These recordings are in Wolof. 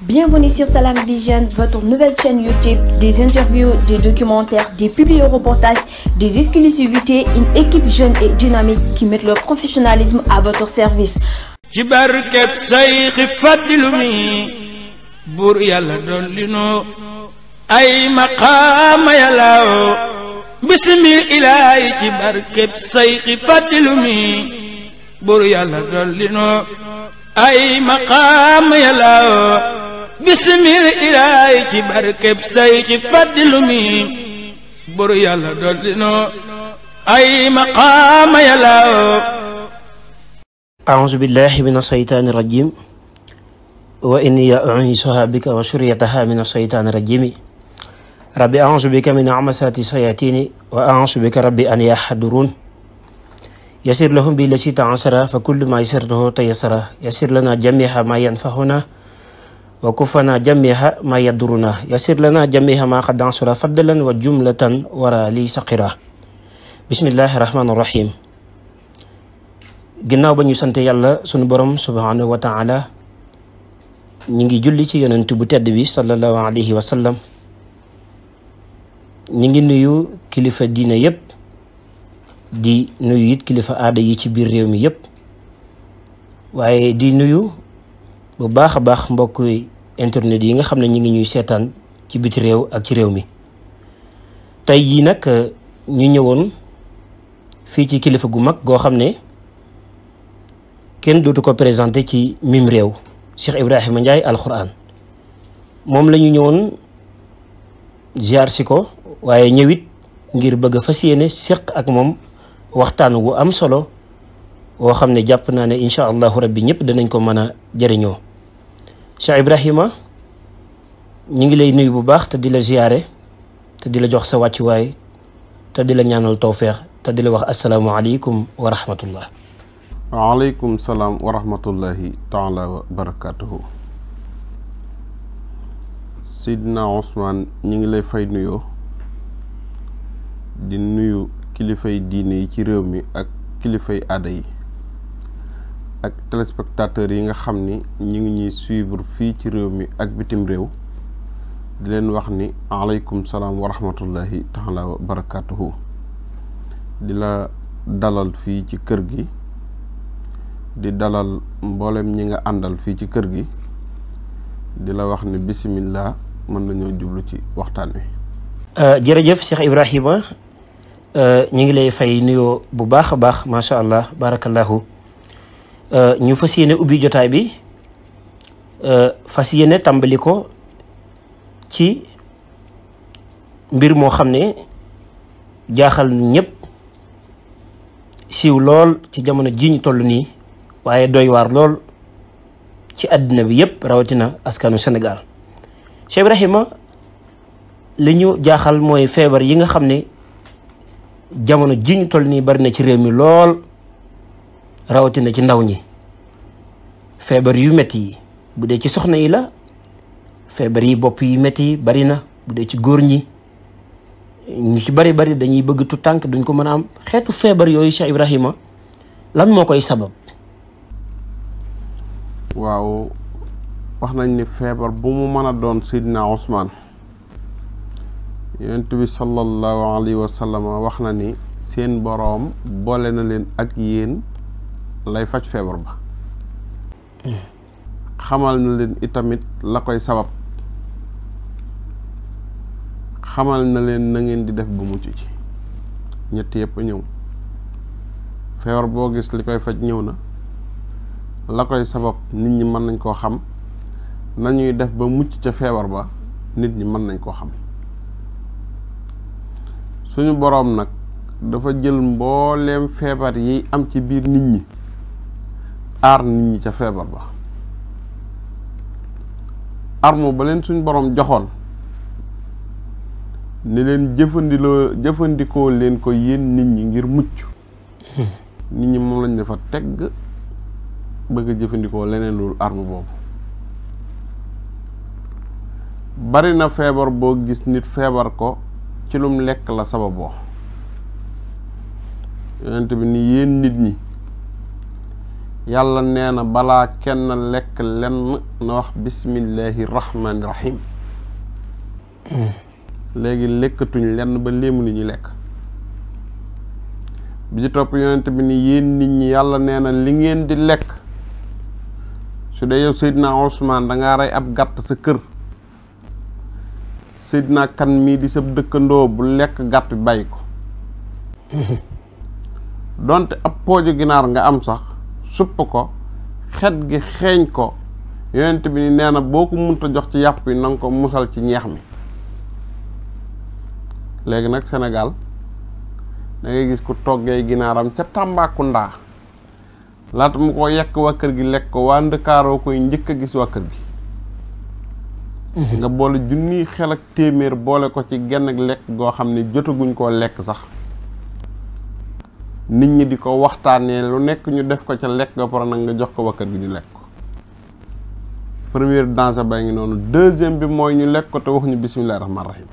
Bienvenue sur Salam Vision, votre nouvelle chaîne YouTube, des interviews, des documentaires, des publi-reportages, des exclusivités, une équipe jeune et dynamique qui met leur professionnalisme à votre service. ci barkeb sayxi mi buur yàlla dolli nu ay maqaama yàlla bismil ilaahi ci barkeb sayxi fàddilu mi buur yàlla dolli nu ay maqaam yàllaw bisimil ilaay ci barkeb say ci fàddilu mi buru yàlla dollino ay maqaam yàllaw aouzu billahi min asaytaani rajim wa inni u'iizuha bika wa suriyataha min asaytaani rajimi rabbi aouzu bika min amasati sayatini wa aouzu bika rabbi an yahdurun يسر لهم بالتي تعسر فكل ما يسرته تيسر يسر لنا جميعها ما ينفعنا وكفنا جميعها ما يضرنا يسر لنا جميعها ما قد عسر فضلا وجملة ورا لي سقرا بسم الله الرحمن الرحيم ginnaaw ba ñu sant yàlla sunu borom subhaanahu wa taala ñi ngi julli ci yonent bu tedd bi sallallahu alayhi wa sallam ñi ngi nuyu kilifa diine yépp di nuyu it kilifa aada yi ci biir réew mi yëpp waaye di nuyu bu baax a baax mbokk internet yi nga xam ne ñu ngi ñuy seetaan ci biti réew ak ci réew mi tey jii nag euh, ñu ñëwoon fii ci kilifa gu mag goo xam ne kenn dootu ko présenté ci mim réew Cheikh Ibrahima Ndiaye alxuraan moom lañu ñëwoon ziar ko waaye ñëwit ngir bëgg a fas yéene seq ak moom waxtaan wu am solo woo xam ne jàpp naa ne incha allahu rabbi ñëpp danañ ko mën a jariñoo Cheikh Ibrahima ñu ngi lay nuyu bu baax te di la ziyaare te di la jox sa wàccuwaay te di la ñaanal tawféex te di la wax asalaamualeykum wa rahmatullah waaleykum salaam wa rahmatullahi Sidna Ousmane ñu ngi lay fay nuyoo di nuyu kilifay diine yi ci réew mi ak kilifay aada yi ak téléspectateurs yi nga xam ni ñu ngi ñuy suivre fii ci réew mi ak bitim réew di leen wax ni aleykum salaam wa rahmatullahi taala wa barakatuhu di la dalal fii ci kër gi di dalal mboolem ñi nga àndal fii ci kër gi di la wax ni bisimilah mën nañoo jublu ci waxtaan wi. Euh, jërëjëf Cheikh Ibrahima Euh, ñu ngi lay fay nuyoo bu baax a baax macha allah barakallahu euh, ñu fas yéene ubbi jotaay bi euh, fas yéene tàmbali ko ci mbir moo xam ne jaaxal ñëpp siiw lool ci jamono ji ñu toll nii waaye doy waar lool ci àddina bi yëpp rawatina askanu Sénégal Cheikh Ibrahima li ñu jaaxal mooy feebar yi nga xam ne jamono ji ñu toll nii bari na ci réew mi lool rawatina ci ndaw ñi feebar yu metti yi bu dee ci soxna yi la feebar yi bopp yu metti yi bari na bu dee ci góor ñi ñu ci bari bari dañuy bëgg tu tànk duñ ko mën a am xeetu feebar yooyu Cheikh Ibrahima lan moo koy sabab. waaw wax nañ ni feebar bu mu mën a doon Seydina Ousmane. yonent bi sallallahu alayhi wa sallam wax na ni seen boroom boole na leen ak yéen lay faj feebar ba xamal na leen itamit la koy sabab xamal na leen na ngeen di def bu mucc ci ñett yëpp ñëw feebar boo gis li koy faj ñëw na la koy sabab nit ñi mën nañ koo xam nañuy def ba mucc ca feebar ba nit ñi mën nañ koo xam suñu boroom nag dafa jël mbooleem feebar yi am ci biir nit ñi aar nit ñi ca feebar ba armu baleen suñu boroom joxoon ni leen jëfandiloo jëfandikoo leen ko yéen nit ñi ngir mucc hmm. nit ñi moom lañ dafa tegg bëgg jëfandikoo leneen loolu arme boobu bari na feebar boo gis nit feebar ko ci lum lekk la sababoo yonent bi ni yéen nit ñi yàlla nee na balaa kenn lekk lenn na wax bismillahi rahmaani léegi lekkatuñ lenn ba léemu li ñu lekk bi ci topp yonent bi ni yéen nit ñi yàlla nee na li ngeen di lekk su dee yow Seydina Ousmane da rey ab gàtt sa kër Seydina kan mii di sab dëkkandoo bu lekk gàtt bi bàyyi ko doonte ab pooju ginaar nga am sax supp ko xet gi xeeñ ko yonent bi ni nee na boo ko munta jox ci yàpp yi na ko musal ci ñeex mi léegi nag senegal da gis ku toggee ginaaram ca Tambacounda laata mu ko yekk waa kër gi lekk ko waa ndëkkaaroo koy njëkk a gis waa kër gi Mm-hmm. nga boole junniy xel ak téeméer boole ko ci genn ak lekk goo xam ne jotaguñ koo lekk sax nit ñi di ko waxtaanee lu nekk ñu def ko ca lekk ga pare nag nga jox ko wakkër gi ñu lekk ko première danger bay ngi noonu deuxième bi mooy ñu lekk ko te waxuñu bisimilah rahmaani rahim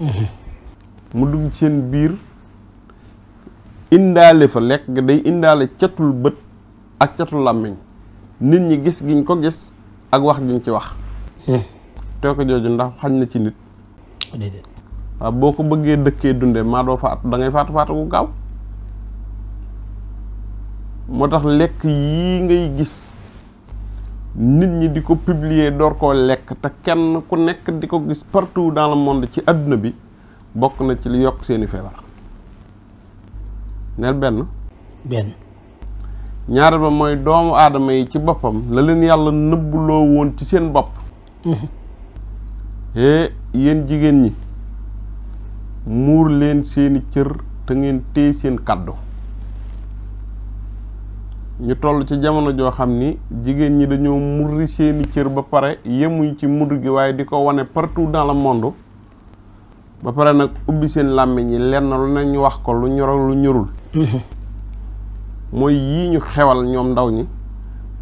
mm-hmm. mu dugg seen biir indaale fa lekk ga day indaale catul bët ak catul làmmiñ nit ñi gis giñ ko gis ak wax giñ ci wax teew ko jooju ndax xañ na ci nit. déedéet. boo ko bëggee dëkkee dunde maa doo faatu da ngay faatu faatu gu gaaw moo tax lekk yi ngay gis nit ñi di ko publier door koo lekk te kenn ku nekk di ko gis partout dans le monde ci àdduna bi bokk na ci li yokk seeni feebar. neel benn. benn. ñaareel ba mooy doomu aadama yi ci boppam la leen yàlla nëbbuloo woon ci seen bopp. hee eh, yéen jigéen ñi muur leen seeni cër te ngeen téye seen kàddu ñu toll ci jamono joo xam ni jigéen ñi dañoo murri seeni cër ba pare yemuñ ci mudd gi waaye di ko wane partout dans le monde ba pare nag ubbi seen làmmiñ yi lenn lu ne ñu wax ko lu ñoro lu ñorul mooy yii ñu xewal ñoom ndaw ñi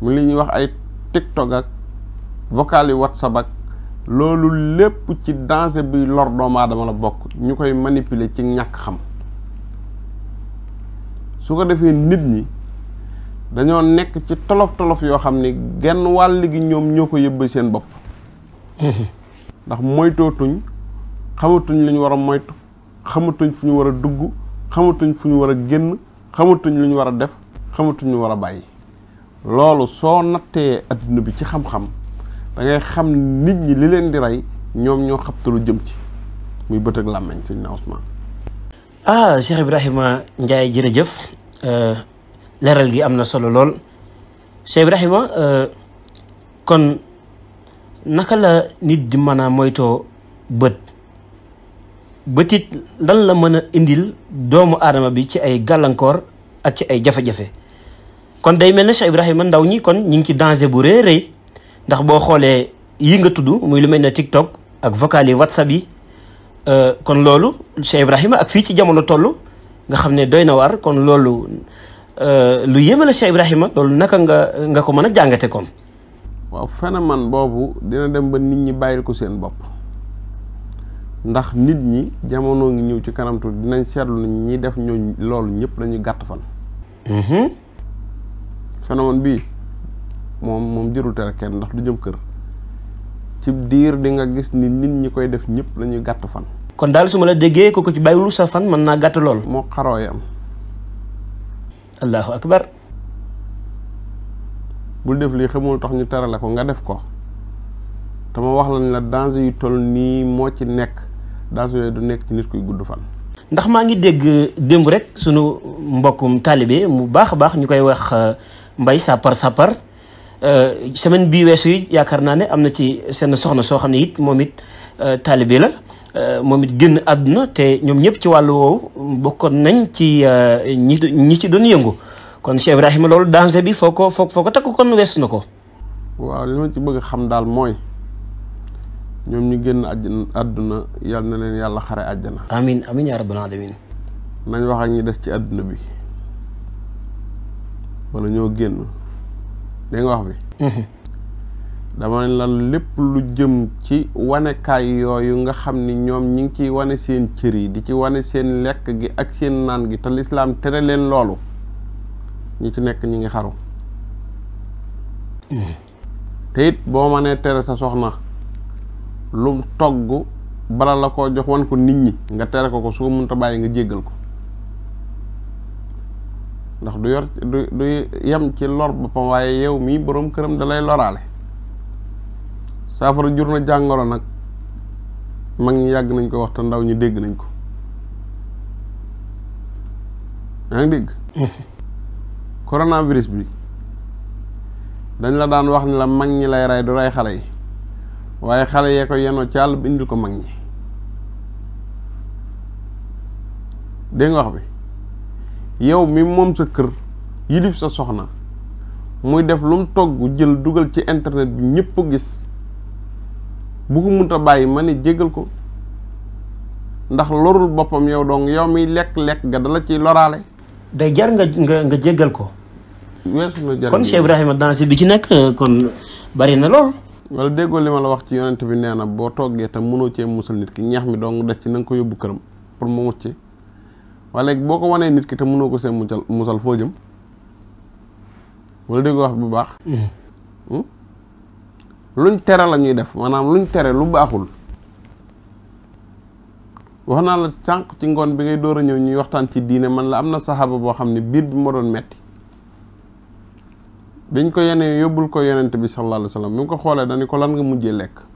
mu li wax ay tiktok ak vocal yu whatsapp ak loolu lépp ci danger bi lor doomu aadama la bokk ñu koy manipuler ci ñàkk xam su ko defee nit ñi dañoo nekk ci tolof tolof yoo xam ni genn wàll gi ñoom ñoo ko yëbbee seen bopp ndax moytootuñ xamatuñ lu ñu war a moytu xamatuñ fu ñu war a dugg xamatuñ fu ñu war a génn xamatuñ lu ñu war a def xamatuñ lu war a bàyyi loolu soo nattee adduna bi ci xam-xam da xam nit ñi li leen di rey ñoom ñoo xabtalu jëm ci muy bët ak làmmeñ sëñ na Ousmane ah Cheikh Ibrahima Ndiaye jërëjëf euh, leeral gi am na solo lool Cheikh Ibrahima euh, kon naka la nit di mën a moytoo bët bëtit lan la mën a indil doomu aadama bi ci ay gàllankoor ak ci ay jafe-jafe kon day mel ne Cheikh Ibrahima ndaw ñi kon ñi ngi ci danger bu rëy rëy ndax boo xoolee yi nga tudd muy lu mel ne TikTok ak vocal yi WhatsApp yi euh, kon loolu Cheikh Ibrahima ak fii ci jamono toll nga xam ne doy na waar kon loolu euh, lu yéeme la Cheikh Ibrahima loolu naka nga nga ko mën a jàngate kon. waaw phénomène boobu dina dem ba nit ñi bàyyil ko seen bopp ndax nit ñi jamono ngi ñëw ci kanam tuuti dinañ seetlu ne ñi def ñooñ loolu ñëpp lañuy gàtt fan. Mm-hmm. phénomène bii. moom moom jërul tere kenn ndax du jëm kër ci diir di nga gis ni nit ñi koy def ñëpp lañuy gàtt fan. kon daal su ma la déggee ko ko ci bàyyiwul sa fan mën naa gàtt lool. moo xaroo yam. allahu akbar. bul def lii xamul tax ñu terale ko nga def ko te ma wax lañ la danger yu toll nii moo ci nekk danger yooyu du nekk ci nit kuy gudd fan. ndax maa ngi dégg démb rek sunu mbokkum taalibe mu baax a baax ñu koy wax euh, mbay sàppar sàppar Euh, semaine bii weesu yi yaakaar naa ne am na ci seen soxna soo xam ne it moom it euh, taalibe la euh, moom it génn àdduna te ñoom ñëpp ci wàllu woowu bokkoon nañ ci ñi ñi ci doon yëngu kon Cheikh Ibrahima loolu danger bi foo ko foo ko takk kon weesu na ko. waaw li ci bëgg xam daal mooy ñoom ñu génn àdduna yal na leen yàlla xare àjjana. amiin amiin yaa rabbal aalamiin. nañ wax ak ñi def ci àdduna bi wala ñoo génn. dégg wax bi dama ne la lépp lu jëm ci wanekaay yooyu nga xam ni ñoom ñi ngi ciy wane seen cër yi di ci wane seen lekk gi ak seen naan gi te lislaam tere leen loolu ñu ci nekk ñu ngi xaru te it boo mënee tere sa soxna lu togg bala la ko jox wan ko nit ñi nga tere ko ko soo mënta bàyyi nga jéggal ko ndax du yor du du yem ci lor boppam waaye yow mii boroom këram dalay loraale saafara jur na jàngoro nag mag ñi yàgg nañ ko wax te ndaw ñi dégg nañ ko yaa ngi dégg coronavirus bi dañ la daan wax ni la mag ñi lay rey du rey xale yi waaye xale yee ko yenoo ci àll bi indil ko mag ñi dégg wax bi yow mi moom sa kër yilif sa soxna muy def lu mu togg jël dugal ci internet bi ñëpp gis bu ko munta bàyyi ma ne jégal ko ndax lorul boppam yow donc yow miy lekk-lekk nga dala ciy loraale day jar nga nga nga jégal ko kon Cheikh Ibrahima danse bi ci nekk kon bari na lool wala déggoo li ma la wax ci yonent bi nee na boo toggee tam mënoo cee musal nit ki ñeex mi dong des ci na ko yóbbu këram pour mu mucc waaye léegi boo ko wanee nit ki te mënoo ko see mucal musal foo jëm wala dégg wax bu baax hmm. Hmm? luñ tere la ñuy def maanaam luñ tere lu baaxul wax naa la sànq ci ngoon bi ngay door a ñëw ñuy waxtaan ci diine man la am na saxaaba boo xam ne biir bi ma doon metti biñ ko yenee yóbbul ko yonent bi sallallahu alayhi wa bi mu ko xoolee dañu ko lan nga mujjee lekk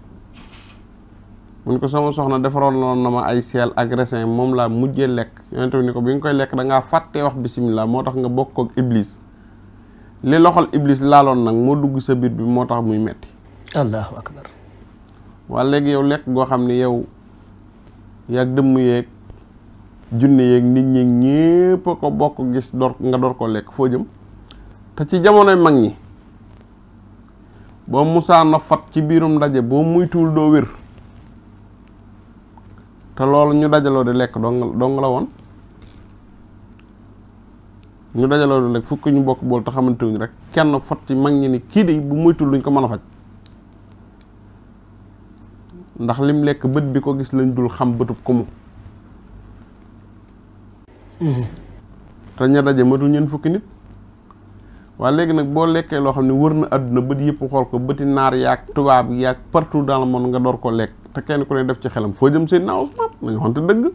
mu ne ko sama soxna defaroon na ma ay seel ak resin moom laa mujjee lekk yonent bi ni ko bi nga koy lekk da ngaa fàttee wax bisimilah moo tax nga bokk ak iblis li loxol iblis laaloon nag moo dugg sa biir bi moo tax muy metti allahu akbar waa léegi yow lekk goo xam ne yow yaag dëmm yeeg junne yeeg nit ñi ñépp ko bokk gis door nga door koo lekk foo jëm te ci jamonoy mag ñi boo musaa na fat ci biirum ndaje boo muytuwul doo wér te loolu ñu dajaloo di lekk dong dong la woon ñu dajaloo di lekk fukki ñu bokk bool te xamante rek kenn fot ci mag ñi ni kii de bu moytul luñ ko mën a faj ndax lim lekk bët bi ko gis lañ dul xam bëtub ko mu mm-hmm. te ña daje matul ñeen fukki nit waa léegi nag boo lekkee loo xam ne wër na àdduna bët yëpp xool ko bëti naar yaag tubaab yaag partout dans le monde nga door ko lekk te kenn ku ne def ci xelam foo jëm Seydina Ousmane nañu xonte dëgg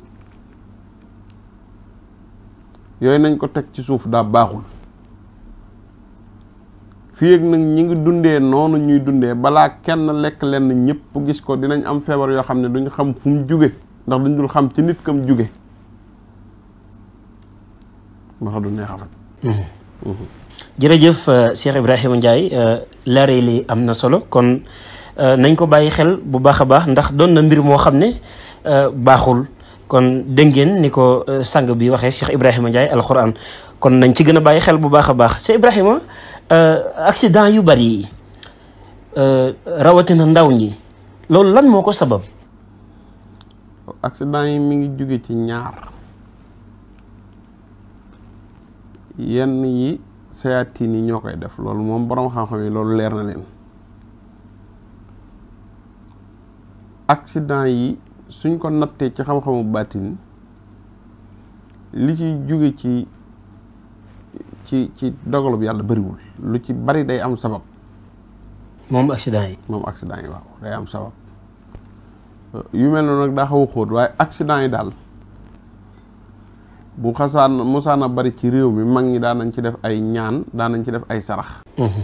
yooyu nañ ko teg ci suuf daa baaxul fii ak nag ñi ngi dundee noonu ñuy dundee balaa kenn lekk lenn ñëpp gis ko dinañ am feebar yoo xam ne duñu xam fu mu jóge ndax duñ dul xam ci nit kam jóge moo tax du neex jërëjëf euh, Cheikh njaay Ndiaye euh, laaree lii am na solo kon euh, nañ ko bàyyi xel bu baax a baax ndax doon na mbir moo xam ne baaxul kon dégg ngeen ni ko sang bi waxee Cheikh Ibrahima Ndiaye alxuraan kon nañ ci gën a bàyyi xel bu baax a baax Cheikh Ibrahima accident yu bari yi rawatina ndaw ñi loolu lan moo ko sabab. accident yi mi ngi jóge ci ñaar. yenn yi sayaatiin yi ñoo koy def loolu moom borom xam-xam yi loolu leer na leen accident yi suñ ko nattee ci xam-xamu baatin li ci jóge ci ci ci dogalub yàlla bariwul lu ci bari day am sabab moom accident yi moom accident yi waaw day am sabab yu mel noonu ak daa xaw xóot waaye accident yi daal bu xasaan musaana bari ci réew mi mag ñi daan nañ ci def ay ñaan daan nañ ci def ay sarax mhm.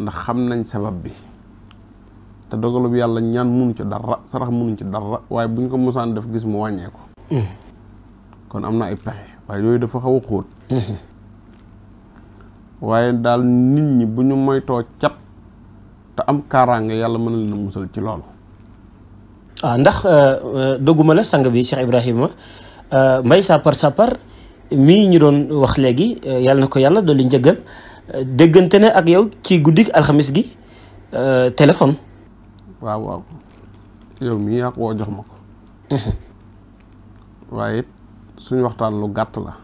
ndax xam nañ sabab bi te dogalub yàlla ñaan munu ca dara sarax munuñ ci dara waaye buñ ko musaan def gis mu wàññeeku mhm. kon am na ay pexe waaye yooyu dafa xaw a xóot mhm. daal nit ñi bu ñu moytoo cat te am kaaraange yàlla mën na leen musal ci loolu ah ndax euh, euh, dogguma la sang bi Cheikh Ibrahima euh, may sapar sapar mii ñu doon wax léegi euh, yàlla na ko yàlla dolli njëggal déggante ne ak yow ci guddi alxamis gi euh, téléphone. waaw waaw yow mii yaa woo jox ma ko. Mhm. waaye it suñu waxtaan lu gàtt la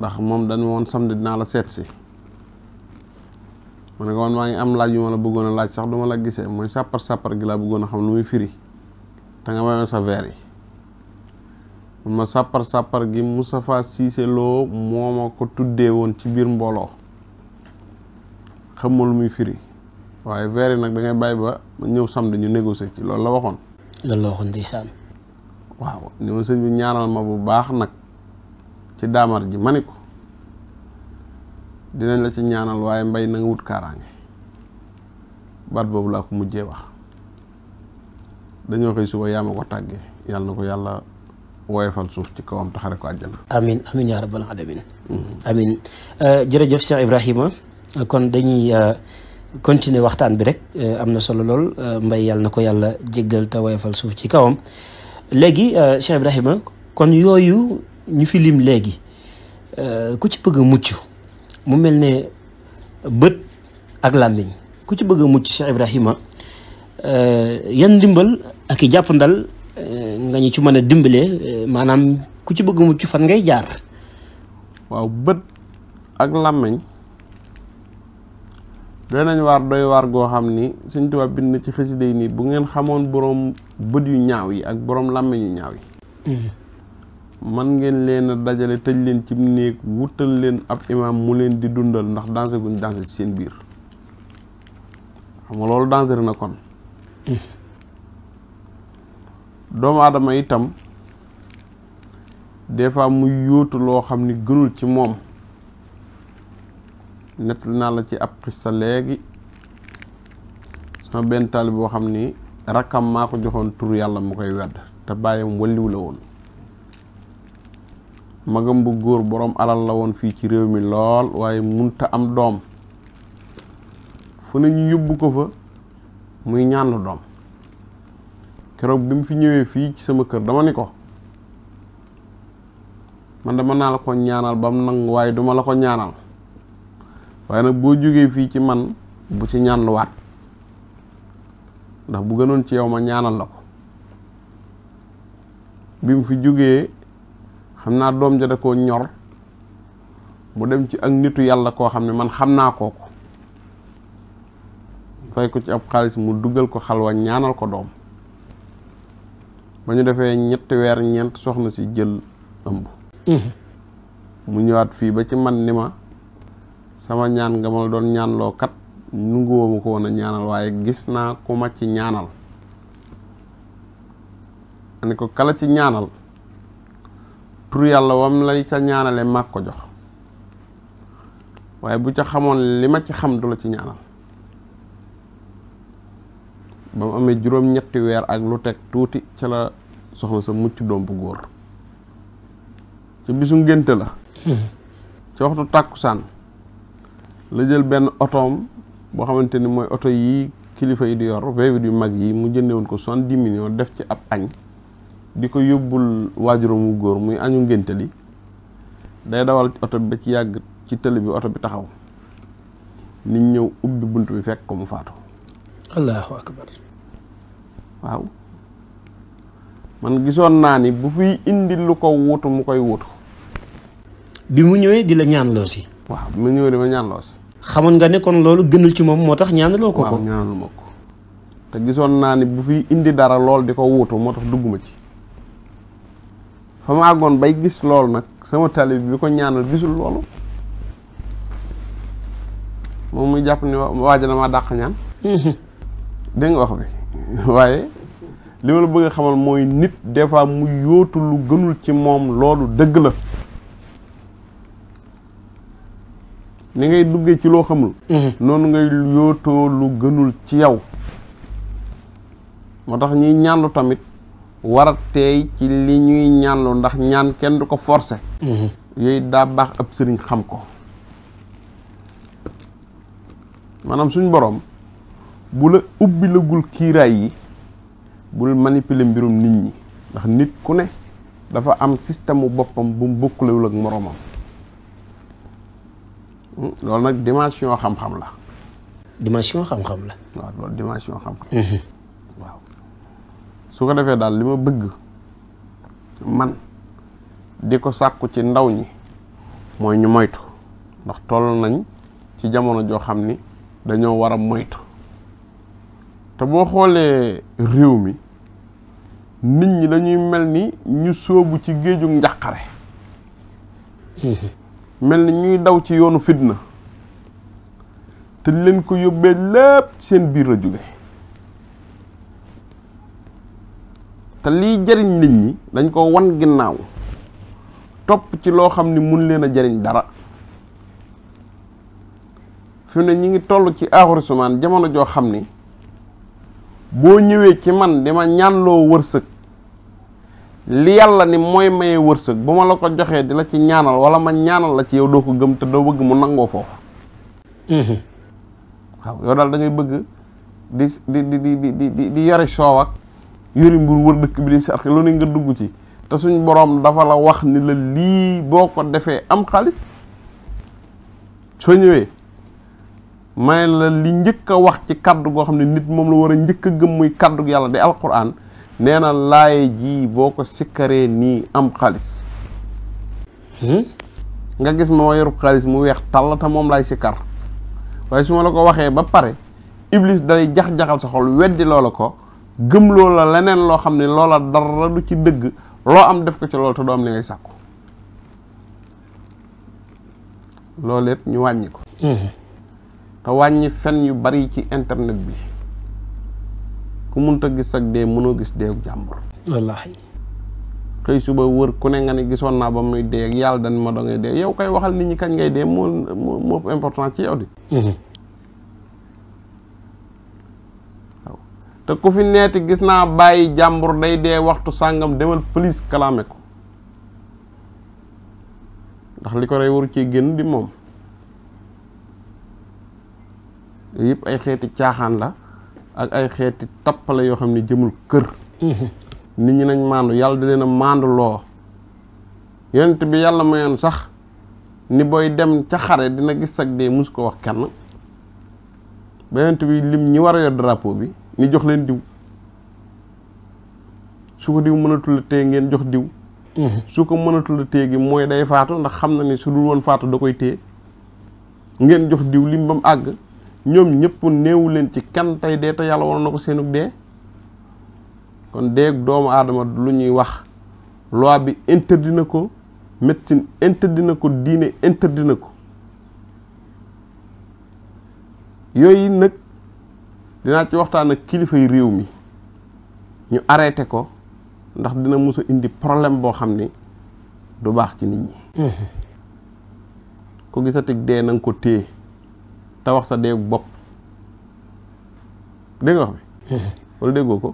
ndax moom dañu woon samedi dinaa la seet si. ma ne ko maa ngi am laaj yu ma la bëggoon laaj sax du ma la gisee mooy sàppar sàppar gi laa bëggoon a xam lu muy firi te nga mayoo sa verre yi. ma sàppar sàppar gi Moustapha Cissé Lo moo ma ko tuddee woon ci biir mbooloo lu muy firi waaye veer yi nag da ngay bàyyi ba ñëw samedi ñu négocier ci loolu la waxoon. loolu la waxoon ndeysaan. waaw ni bi ñaanal ma bu baax nag ci daamar ji ma ni ko dinañ la ci ñaanal waaye mbay na wut kaaraange baat boobu laa ko mujjee wax dañoo xëy suba yaa ma ko tàggee yàlla ko yàlla. woyofal suuf ci kawam taxare ko àjjana amin amin yaa rabbal alamin mm-hmm. amin euh, jërëjëf Cheikh Ibrahima euh, kon dañuy euh, continuer waxtaan bi rek am na solo lool mbay yàlla na ko yàlla jéggal te woyofal suuf ci kawam léegi Cheikh Ibrahima kon yooyu ñu fi lim léegi ku ci bëgg mucc mu mel ne bët ak làmmiñ ku ci bëgg mucc Cheikh Ibrahima yan ndimbal ak i jàppandal nga ñu ci mën a dimbalee euh, maanaam ku ci bëgg mucc fan ngay jaar. waaw bët ak làmmeñ doy nañ waar doy waar goo xam ni Sëñ Tuubaa bind ci xasida yi nii bu ngeen xamoon boroom bët yu ñaaw yi ak boroom làmmiñ yu ñaaw yi. man hmm. ngeen leen dajale tëj leen ci néeg wutal leen ab imaam mu leen di dundal ndax dansé guñ dansé ci seen biir xam nga loolu dansé na kon. Hmm. doomu aadama itam des fois mu yóotu loo xam ni gënul ci moom nett naa la ci ab xissa léegi sama benn taali boo xam ni rakkam maa ko joxoon tur yàlla mu koy wedd te bàyyam walliw la woon magam bu góor boroom alal la woon fii ci réew mi lool waaye munta am doom fu ne ñu yóbbu ko fa muy ñaanlu doom keroog bi mu fi ñëwee fii ci sama kër dama ni ko man de mën naa la ko ñaanal ba mu nangu waaye duma la ko ñaanal waaye nag boo jógee fii ci man bu ci ñaan lu waat ndax bu gënoon ci yow ma ñaanal la ko bi mu fi jógee xam naa doom ja koo ñor mu dem ci ak nitu yàlla koo xam ne man xam naa kooku fay ko ci ab xaalis mu duggal ko xalwa ñaanal ko doom ba ñu defee ñetti weer ñeent soxna si jël ëmb mu ñëwaat fii ba ci man ni ma sama ñaan nga ma doon ñaanloo kat nunguwoomu ko woon ñaanal waaye gis naa ku ma ci ñaanal ani ko kala ci ñaanal tur yàlla wam lay ca ñaanale mag ko jox waaye bu ca xamoon li ma ci xam du la ci ñaanal ba mu amee juróom-ñetti weer ak lu teg tuuti ca la soxna sa mucc doom bu góor ca bisu ngénte la hmm. ca waxtu tàkkusaan la jël benn otoom boo xamante ni mooy oto yi kilifa yi di yor vévit yu mag yi mu jënde woon ko soixante-dix millions def ci ab añ di ko yóbbul waajuram wu góor muy añu ngénte li day dawal oto bi ba ci yàgg ci tëli bi oto bi taxaw nit ñëw ubbi bunt bi fekk ko mu faatu allahu akbar waaw man gisoon naa ni bu fiy indi lu ko wutu mu koy wutu bi mu ñëwee di la si waaw bi mu ñëwee di ma si xamoon nga nekkoon loolu gënul ci moom moo tax ñaanaloo ko ko waaw ñaanal ko te gisoon naa ni bu fiy indi dara lool di ko wutu moo tax dugguma ci fa ma àggoon bay gis lool nag sama tali bi ko ñaanal gisul loolu moom muy jàpp ni waaj na dàq ñaan mhm. dégg nga wax bi waaye li ma la bëgg xamal mooy nit des fois mu yóotu lu gënul ci moom loolu dëgg la ni ngay duggee ci loo xamul mhm. noonu ngay yóotoo lu gënul ci yow moo tax ñuy ñaanlu tamit war a teey ci li ñuy ñaanlu ndax ñaan kenn du ko forcer mhm. yooyu daa baax ab sëriñ xam ko maanaam suñ boroom bu la ubbi lagul kiiraay yi bul manipuler mbirum nit ñi ndax nit ku ne dafa am système bu boppam bu mu bokkulewul ak moroomam hmm, loolu nag dimension xam-xam la. dimension xam-xam la. waaw loolu dimension xam-xam. Mhm. waaw su ko defee daal li ma bëgg man di ko sàkku ci ndaw ñi mooy ñu moytu ndax toll nañ ci jamono joo xam ni dañoo war a moytu. te boo xoolee réew mi nit ñi dañuy mel ni ñu sóobu ci géeju njàqare mel ni ñuy daw ci yoonu fitna te leen ko yóbbee lépp seen biir la jóge te liy jariñ nit ñi dañ ko wan ginnaaw topp ci loo xam ni mun leen a jariñ dara fi ne ñi ngi toll ci aaxurisamaan jamono joo xam ni boo ñëwee ci man di ma ñaanloo wërsëg li yàlla ni mooy maye wërsëg bu ma la ko joxee di la ci ñaanal wala ma ñaanal la ci yow doo ko gëm te doo bëgg mu nangoo foofu mm-hmm. waaw yow daal da bëgg di di di di di di yore soow ak yori mbur wër dëkk bi di sarxe lu nga dugg ci te suñ boroom dafa la wax ni la lii boo ko defee am xaalis soo ñëwee may la li njëkk a wax ci kaddu goo xam ne nit moom la war a njëkk a gëm muy kaddu yàlla di alquran nee na laaye ji boo ko sikkaree nii am xaalis hmm? nga gis ma ma yorub xaalis mu weex tàllata te moom lay sikkar waaye su ma la ko waxee ba pare ibliis day jax-jaxal sa xol weddi loola ko gëm loola leneen loo xam ne loola dara du ci dëgg loo am def ko ci loolu te doo am li ngay sàkku loolu it ñu wàññi ko hmm. te wàññi fen yu bari ci internet bi ku munta gis ak dee mënoo gis deewu jàmbur wallaahi xëy suba wër ku ne nga ne gisoon naa ba muy dee yàlla dañ ma doo ngay dee yow koy waxal ni ñi kañ ngay dee moom moo important ci yow di mhm. waaw te ku fi neeti gis naa bàyyi jàmbur day dee waxtu sàngam demal police kalaame ko ndax li ko rey waru ci génn di moom yëpp ay xeeti caaxaan la ak ay xeeti tappale yoo xam ne jëmul kër mm-hmm. nit ñi nañ maandu yàlla da leen a maandu loo yonent bi yàlla mayoon sax ni booy dem ca xare dina gis sag dee mus ko wax kenn ba yonent bi lim ñi war a yor drapeau bi ni jox leen diw su ko diw mënatul a téye ngeen jox diw mm-hmm. su ko mënatul a téye gi mooy day faatu ndax xam na ni su dul woon faatu da koy téye ngeen jox diw lim ba àgg ñoom ñëpp néewu leen ci kan tey dee te yàlla waroon na ko seenug dee kon deeg doomu aadama lu ñuy wax loi bi interdit na ko médecine interdit na ko diine interdit na ko yooyu nag dinaa ci waxtaan ak kilifay réew mi ñu arrêté ko ndax dina musa indi problème boo xam ni du baax ci nit ñi. Mm-hmm. ko gisatig dee na ko téye. te wax sa dee bopp dégg wax bi hmm. wala déggoo ko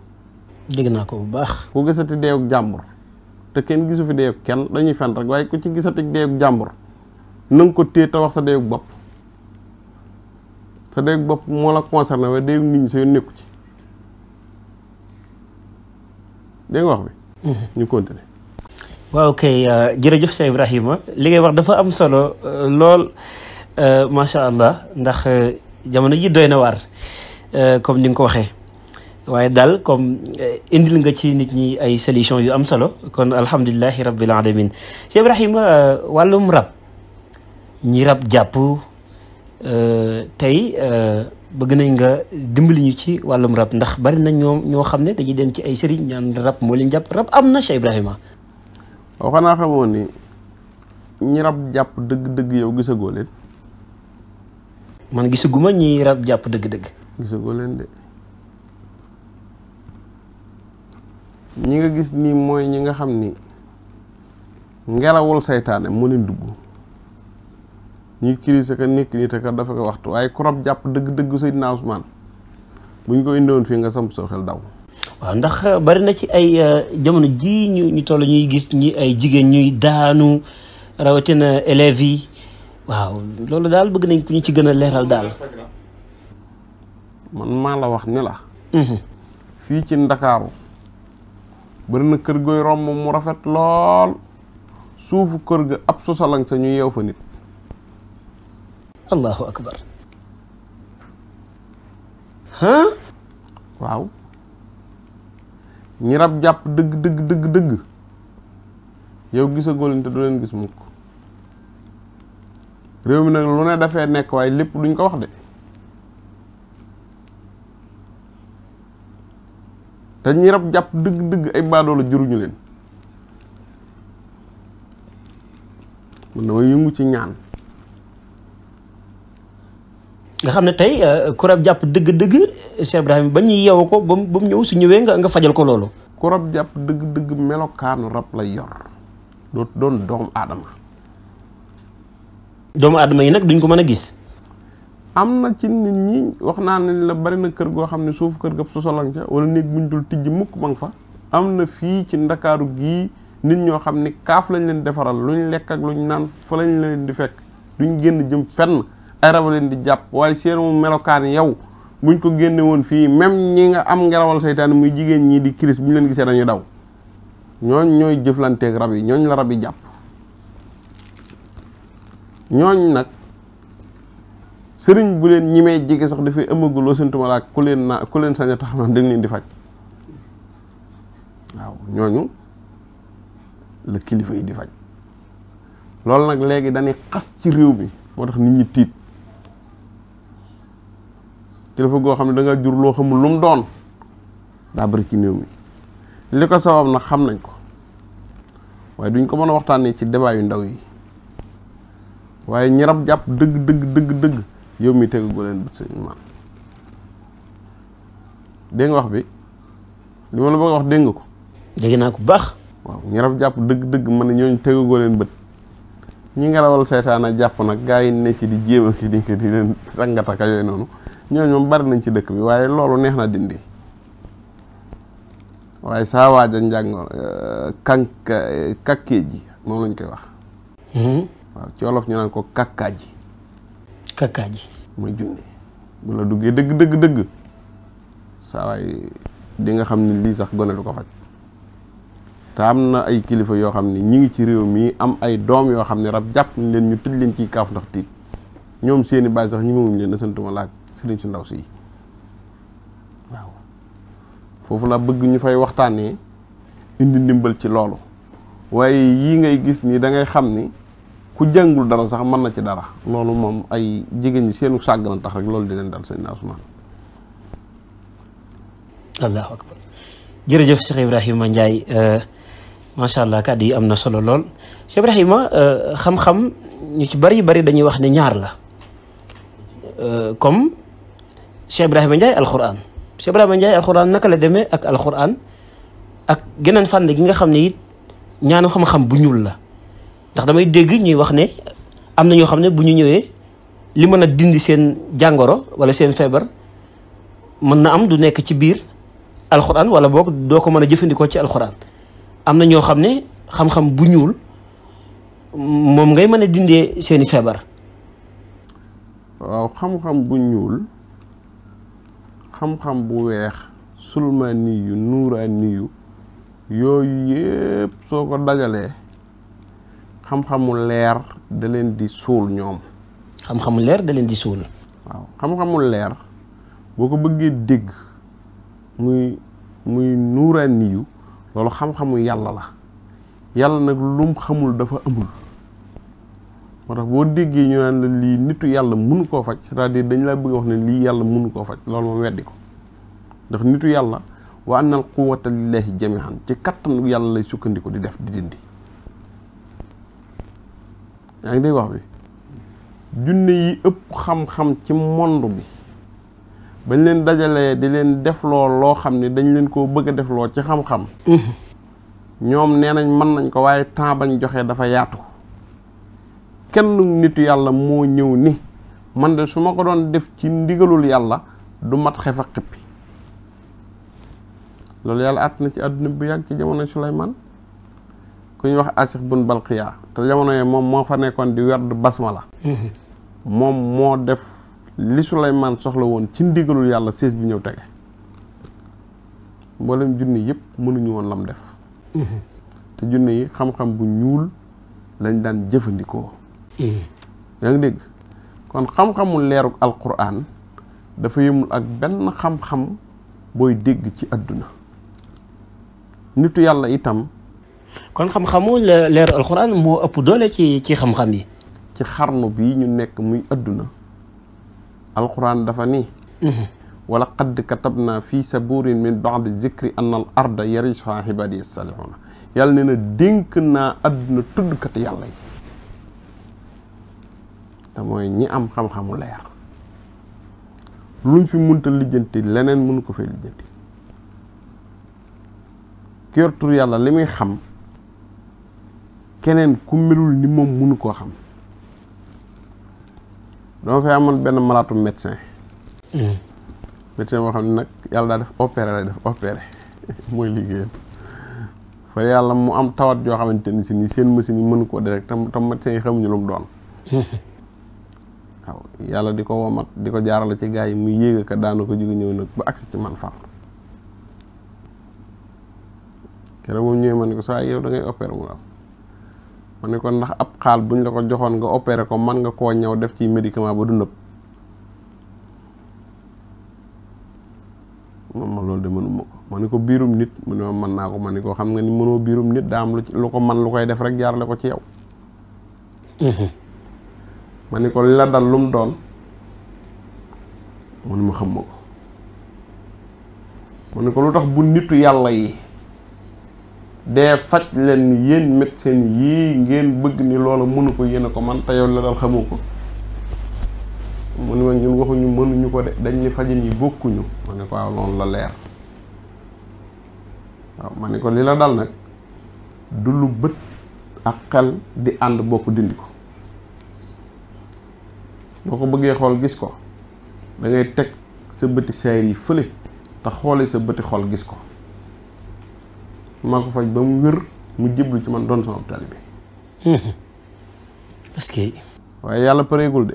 dégg naa ko bu baax ku gisati deewu jàmbur te kenn gisu fi deewu kenn dañuy fen rek waaye ku ci gisati deewu jàmbur na ko téye te wax sa deewu bopp sa deewu bopp moo la concerné waaye deewu nit ñi sa yoon nekku ci dégg nga wax bi hmm. ñu continuer waaw kay euh, jërëjëf Cheikh Ibrahima li ngay wax dafa am solo euh, lool Euh, macha allah ndax euh, jamono ji doy na waar euh, comme ni nga ko waxee waaye daal comme indil nga ci nit ñi ay solution yu am solo kon alhamdulilahi rabbil alamin Cheikh Ibrahima wàllum rab ñi rab jàpp tey bëgg nañ nga dimbali ñu ci wàllum rab ndax bari na ñoo ñoo xam ne dañuy dem ci ay sëriñ ñaan rab moo leen jàpp rab am na Cheikh Ibrahima waaw xanaa xamoo ni ñi rab jàpp dëgg-dëgg yow gisagoo leen man gisaguma ñi rab jàpp dëgg-dëgg. gisagu leen de ñi nga gis nii mooy ñi nga xam ni ngelawul seytaane moo leen dugg ñi crise ka nekk nii te dafa ko waxtu waaye ku rab jàpp dëgg-dëgg Seydina Ousmane bu ñu ko indiwoon fii nga samp soo xel daw. waaw ndax bari na ci ay euh, jamono jii ñu ñu toll ñuy gis ñi ay jigéen ñuy daanu rawatina élèves yi. waaw loolu daal bëgg nañ ku ñu ci gën a leeral daal. man maa la wax ni la. Mhm. fii ci Ndakaaru bari na kër gooy romb mu rafet lool suufu kër ga ab sosalang sa ñu yeew fa nit. allahu akbar. waaw. ñi rab jàpp dëgg dëgg dëgg dëgg yow gisagoo du leen gis mukk réew mi nag lu ne dafee nekk waaye lépp duñ ko wax de te ñi rab jàpp dëgg-dëgg ay baadoola juruñu leen man damay yëngu ci ñaan nga xam ne tey euh, ku rab jàpp dëgg-dëgg Cheikh Ibrahima ba ñu yeewu ko ba mu ñëw su ñëwee nga fajal ko loolu ku rab jàpp dëgg-dëgg melokaanu rab lay yor dootu doon aadama doomu aadama yi nag duñ ko mën a gis. am na ci nit ñi wax naa ne la bari na kër goo xam ne suuf kër ga sosoloŋ ca wala bu ñu dul tijji mukk ma fa. am na fii ci ndakaaru gii nit ñoo xam ne kaaf lañ leen defaral luñ lekk ak luñ naan fa lañ leen di fekk duñ génn jëm fenn ay rab leen di jàpp waaye seen melokaan yow buñ ko génne woon fii même ñi nga am ngelawal seytaane muy jigéen ñii di kiris bu ñu leen gisee dañuy daw ñooñ ñooy jëflanteeg rab yi ñooñ la rab yi jàpp. ñooñ nag sëriñ bu leen ñimee jege sax dafay ëmmaguloo santuma laa ku leen ku leen sañ a taxaw naan dañ leen di faj waaw ñooñu la kilifa yi di faj loolu nag léegi dañuy xas ci réew mi moo tax nit ñi tiit kilifa goo xam ne da nga jur loo xamul lu mu doon daa bëri ci néew mi li ko sabab na xam nañ ko waaye duñ ko mën a waxtaanee ci débat yu ndaw yi waaye ñarab jàpp dëgg dëgg dëgg dëgg yow mi tegu gu leen bët seen imaan dégg wax bi li ma la bëgg a wax dégg ko. dégg naa ko baax. waaw ñi jàpp dëgg dëgg man ne ñooñu tegu gu leen bët ñi nga rawal seetaan a jàpp nag gaa yi ne ci di jéem a ki di di leen sangataka yooyu noonu ñooñu moom bari nañ ci dëkk bi waaye loolu neex na dindi. waaye saa waaj a njàngoon euh, kank kakkee ji moom lañ koy wax. Mm-hmm. waaw ci olof ñu naan ko kakkaaji kakkaaji mooy junni bu la duggee dëgg dëgg dëgg saa waay di nga xam ne lii sax gone du ko faj te am na ay kilifa yoo xam ne ñi ngi ci réew mii am ay doom yoo xam ne rab jàpp nañ leen ñu tëj leen ciy kaaf ndax tiit ñoom seeni baay sax ñi mawuñ leen asantuma laaj sëriñ su ndaw si foofu la bëgg ñu fay waxtaanee indi ndimbal ci loolu waaye yii ngay gis nii da xam ni ku jàngul dara sax mën na ci dara loolu moom ay jigéen ñi seenu sàgg na tax rek loolu di leen dal sëñ Ousmane. allahu akbar jërëjëf Cheikh Ibrahima Ndiaye euh, macha allah kàddu yi am na solo lool Cheikh Ibrahima euh, xam-xam ñu ci bari bari dañuy wax ne ñaar la euh, comme Cheikh Ibrahima Ndiaye alquran Cheikh Ibrahima Ndiaye alquran naka la demee ak alquran ak geneen fànn gi nga xam ne it ñaan xam-xam bu ñuul la. ndax damay dégg ñuy wax ne am na ñoo xam ne bu ñu ñëwee li mën a dindi seen jàngoro wala seen feebar mën na am du nekk ci biir alxuraan wala boog doo ko mën a jëfandikoo ci alxuraan am na ñoo xam ne xam-xam bu ñuul moom ngay mën a dindee seeni feebar. waaw xam-xam bu ñuul xam-xam bu weex sulmaani yu nuuraani yu yooyu yëpp soo ko dajalee. xam-xamu leer da leen di suul ñoom. xam-xamu leer da leen di suul. waaw xam-xamu leer boo ko bëggee dégg muy muy nuuraaniyu loolu xam-xamu yàlla la yàlla nag lum xamul dafa amul. moo tax boo déggee ñu naan la lii nitu yàlla mënu koo faj c'est-à-dire dañ laa bëgg wax ne lii yàlla mënu koo faj loolu moom weddi ko ndax nitu yàlla wa annal quwwata lillahi jami'an ci kattanu yàlla lay sukkandiku di def di dindi yaa ngi dégg wax bi junne yi ëpp xam-xam ci monde bi bañ leen dajalee di leen defloo loo xam ni dañ leen koo bëgg a defloo ci xam-xam mm-hmm. ñoom nee nañ mën nañ ko waaye temps bañ joxee dafa yaatu kenn nit yàlla moo ñëw ni man de su ma ko doon def ci ndigalul yàlla du mat xef a xippi loolu yàlla àtt na ci àdduna bi yàgg ci jamono Suleymaan ku ñuy wax asix bun balqiya te jamono yee moom moo fa nekkoon di werd basmala mhm. moom moo def li Souleymane soxla woon ci ndigalul yàlla siis bi ñëw tege mboolem junni yëpp mënuñu woon lam def mhm. te junne yi xam-xam bu ñuul lañ daan jëfandikoo mhm. yaa ngi dégg kon xam-xamul leeruk alquran dafa yëmul ak benn xam-xam booy dégg ci àdduna nitu yàlla itam kon xam-xamu leer alxuraan moo ëpp ci ci xam yi. ci xarnu bii ñu nekk muy adduna. alxuraan dafa ni. Mhm. wala qad fii sabuurin min ba'di zikri anna al arda yarisuha ibaadiya yàlla nee na dénk naa adduna ñi am xam-xamu luñ fi munta lijjanti leneen mënu ko fay lijjanti. ki yàlla li muy xam. keneen ku melul ni moom munu koo xam dama fay amoon benn malaatu médecin médecin boo xam ne nag yàlla daa def opéré lay def opéré mooy liggéeyam fa yàlla mu am tawat yoo xamante ni si ni seen machine yi mënu koo direct tam médecin yi xamuñu lu doon waaw yàlla di ko womat di ko jaarale ci gars yi muy yéeg ka daanu ko jóge ñëw nag ba agsi ci man far keroog moom ñëwee ma ne ko saa yow da ngay opéré mu am ma ne ko ndax ab xaal buñ la ko joxoon nga opéré ko mën nga koo ñaw def ci médicament ba du nëb moom ma loolu de mënuma ko ma ko biirum nit mu ne ma mën naa ko ma ne ko xam nga ni mënoo biirum nit daa am lu ko man lu koy def rek ko ci yow mhm. ma ne ko li la dal lum doon mu ne ma xam ma ko ko lu tax bu nitu yàlla yi dee faj leen ni yéen médecin yii ngeen bëgg ni loola mënu ko yéen ko man te yow la dal xamoo ko mu ne ma ñun waxuñu mënuñu ko de dañ ne fajin yi bokkuñu ma ko waaw ah, loolu la leer waaw ma ko li la dal nag du lu bët ak xel di ànd bokk dindi ko boo ko bëggee xool gis ko da teg sa bëti seer yi fële te xooli sa bëti xol gis ko maa ko faj ba mu wér mu jiblu ci man doon sama taalibe parce que waaye yàlla përeekul de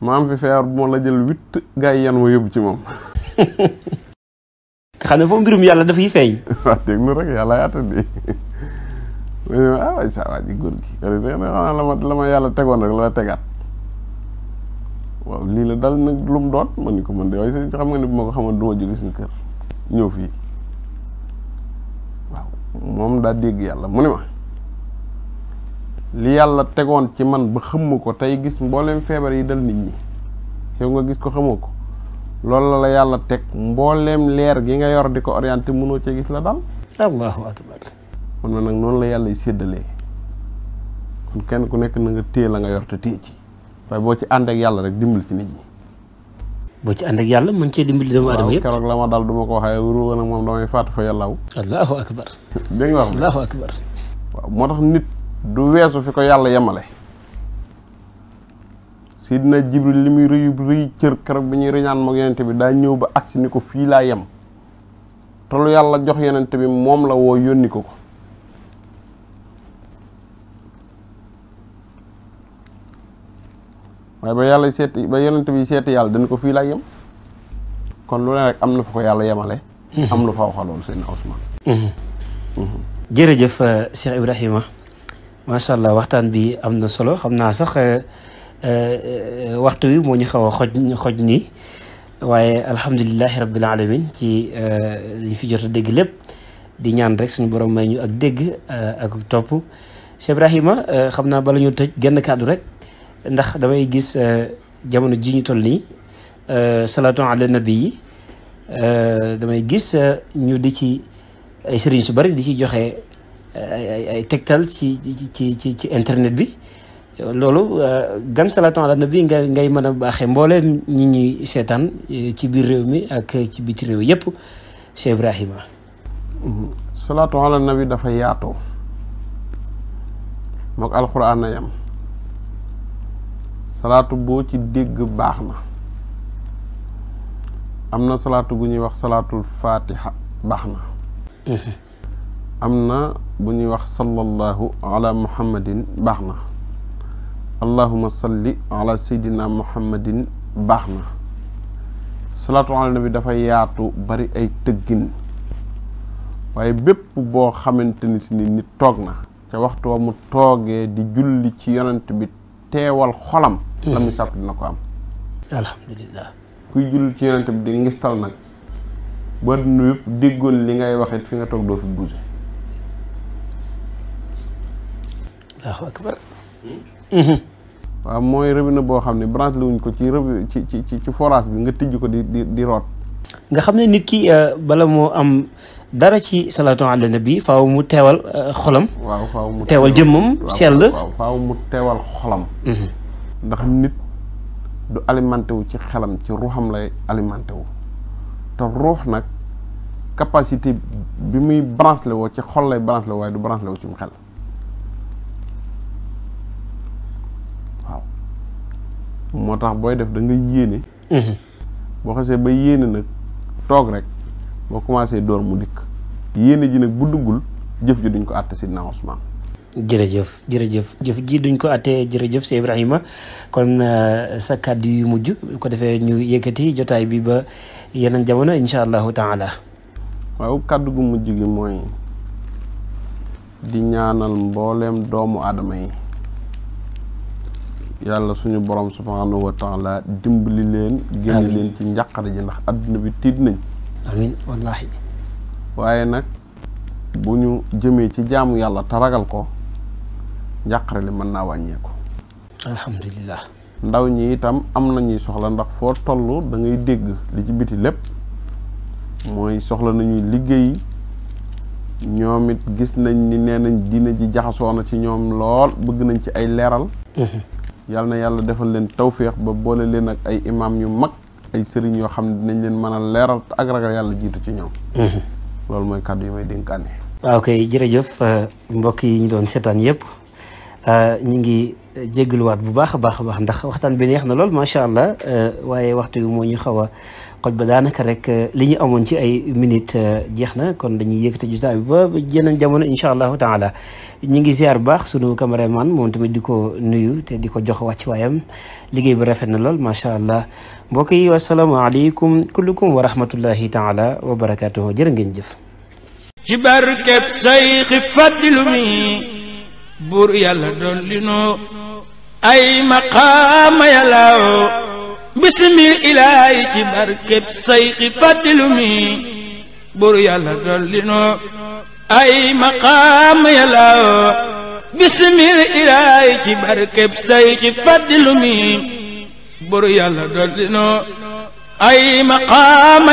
ma am fi feebar bu ma la jël huit gars yi yan ma yóbbu ci moom nga xam ne foofu mbirum yàlla dafay feeñ waaw dégg na rek yàlla yaata di ah waay waa ji góor gi xanaa la ma la ma yàlla tegoon rek la la tegaat waaw lii la dal nag lu mu doon man ni ko man de waaye sëñ xam nga ne bu ma ko xamoon du ma jóge kër ñëw fii moom daa dégg yàlla mu ne ma li yàlla tegoon ci man ba xëmm ko tey gis mbooleem feebar yi dal nit ñi yow nga gis ko xamoo ko loolu la la yàlla teg mboolem leer gi nga yor di ko orienté mënoo cee gis la dal allahu akbar man ma nag noonu la yàlla y séddalee kon kenn ku nekk na nga téye la nga yor te téye ci boo ci ànd yàlla rek dimbali ci nit ñi boo ci ànd ak yàlla mën cee dimbali doomu aadama yëpp keroog la ma dal du ma ko waxee wuru woon ak moom damay fàttu fa yàllaaw allahu akbar dégg wax moo tax nit du weesu fi ko yàlla yemale Sidina Jibril li muy rëyu rëy cër keroog bi ñuy rëñaan moog yenente bi daa ñëw ba agsi ni ko fii laa yem te lu yàlla jox yenente bi moom la woo yónni ko ko waaye ba yàlla seet ba yonent bi seeti yàlla dañ ko fii laa kon lu rek am na fa ko yàlla yemale mhm. am lu fa waxaloon seen Ousmane mhm. Mhm. jërëjëf euh, Cheikh Ibrahima macha allah waxtaan bi am na solo xam naa sax euh, euh, waxtu wi moo ñu xaw a xoj xoj nii waaye alhamdulilahi rabbil alamin ci liñ fi jot a dégg lépp di ñaan rek suñu borom may ñu ak dégg ak topp Cheikh Ibrahima xam naa bala ñu tëj genn kàddu rek ndax damay gis euh, jamono ji ñu toll nii euh, salaatu ala nabi yi euh, damay gis ñu di ci ay sëriñ su bari di ci joxe ay ay tegtal ci ci ci ci internet bi loolu gan salaatu na bi nga ngay mën a baaxe mbooleem ñi ñuy seetaan ci biir réew mi ak ci biti réew yépp Cheikh Ibrahima. Uhuh. salaatu ala nabi dafa yaatoo moog alxuraan na yam salaatu boo ci dégg baax na am na salaatu bu ñuy wax salaatul fatiha baax na am na bu ñuy wax sallallahu ala muhammadin baax na allahuma salli ala sayyidina muhammadin baax na salaatu ala dafa yaatu bari ay tëggin waaye bépp boo xamante ni si nit toog na ca waxtu wa mu toogee di julli ci yonent bi teewal xolam lam hmm. ñu sàpp dina ko am alhamdulilah kuy jull ci yonent bi di ngistal nag ba adduna yëpp déggoon li ngay waxit fi nga toog doo fi bougé hmm? waaw mooy robinet boo xam ne branche la wuñ ko ci robinet ci ci ci forage bi nga tijj ko di di di root nga xam ne nit ki euh, bala moo am dara ci salaatu ala nabi faaw mu teewal euh, xolam waaw faaw mu teewal jëmmam sell faaw mu teewal xolam hmm. ndax nit du alimenté wu ci xelam ci ruuxam lay alimenté wu te ruux nag capacité bi muy branché woo ci xol lay branché woo waaye du branché woo ci mu xel waaw moo tax booy def da nga yéene mhm. boo xesee ba yéene nag toog rek boo commencé door mu dikk yéene ji nag bu duggul jëf ji duñ ko àtte si na Ousmane jërëjëf jërëjëf jëf jii duñ ko attee jërëjëf si Ibrahima kon euh, sa kàdd yu mujj ko defee ñu yëkkati jotaay bi ba yeneen jamono incha allahu taala waaw kàdd gu mujj gi mooy di ñaanal mboolem doomu aadama yi yàlla suñu borom subhanahu wa taala dimbali leen génn leen ci njàqare ji ndax adduna bi tiit nañ amin wallahi waaye nag bu ñu jëmee ci jaamu yàlla te ragal ko njàqare li mën naa wàññeeku. alhamdulilah. ndaw ñi itam am nañuy soxla ndax foo toll da dégg li ci biti lépp mooy soxla nañuy liggéey ñoom it gis nañ ni nee nañ diina ji jaxasoo na ci ñoom lool bëgg nañ ci ay leeral. Mhm. yàlla na yàlla defal leen tawféex ba boole leen ak ay imaam yu mag ay sëriñ yoo xam ne dinañ leen mën a leeral ak ragal yàlla jiitu ci ñoom. Mhm. loolu mooy kàddu yi may dénkaane. waaw ah, kay jërëjëf euh, mbokk yi ñu doon seetaan yëpp. Euh, ñu ngi euh, jéggaluwaat bu baax a baax a baax ndax waxtaan bi neex na lool macha allah euh, waaye waxtu yu moo ñu xaw a xoj ba daanaka rek li ñu amoon ci ay minute jeex na kon dañuy yëkkati jotaay bi ba jeneen jamono incha allahu taala ñu ngi ziar bu baax sunu cameraman moom tamit di ko nuyu te di ko jox ci waayam liggéey bi rafet na lool macha allah mbokk yi wasalaamaaleykum kullukum wa rahmatullahi taala wa barakaatuhu jërë ngeen jëf. ci barkeb say xi faddilu mi buur yàlla ay maqaama yàllaaw bisimil barkeb sayxi fàddilu mi buur ay maqaama yàllaaw bisimil barkeb sayxi fàddilu mi buur ay maqaama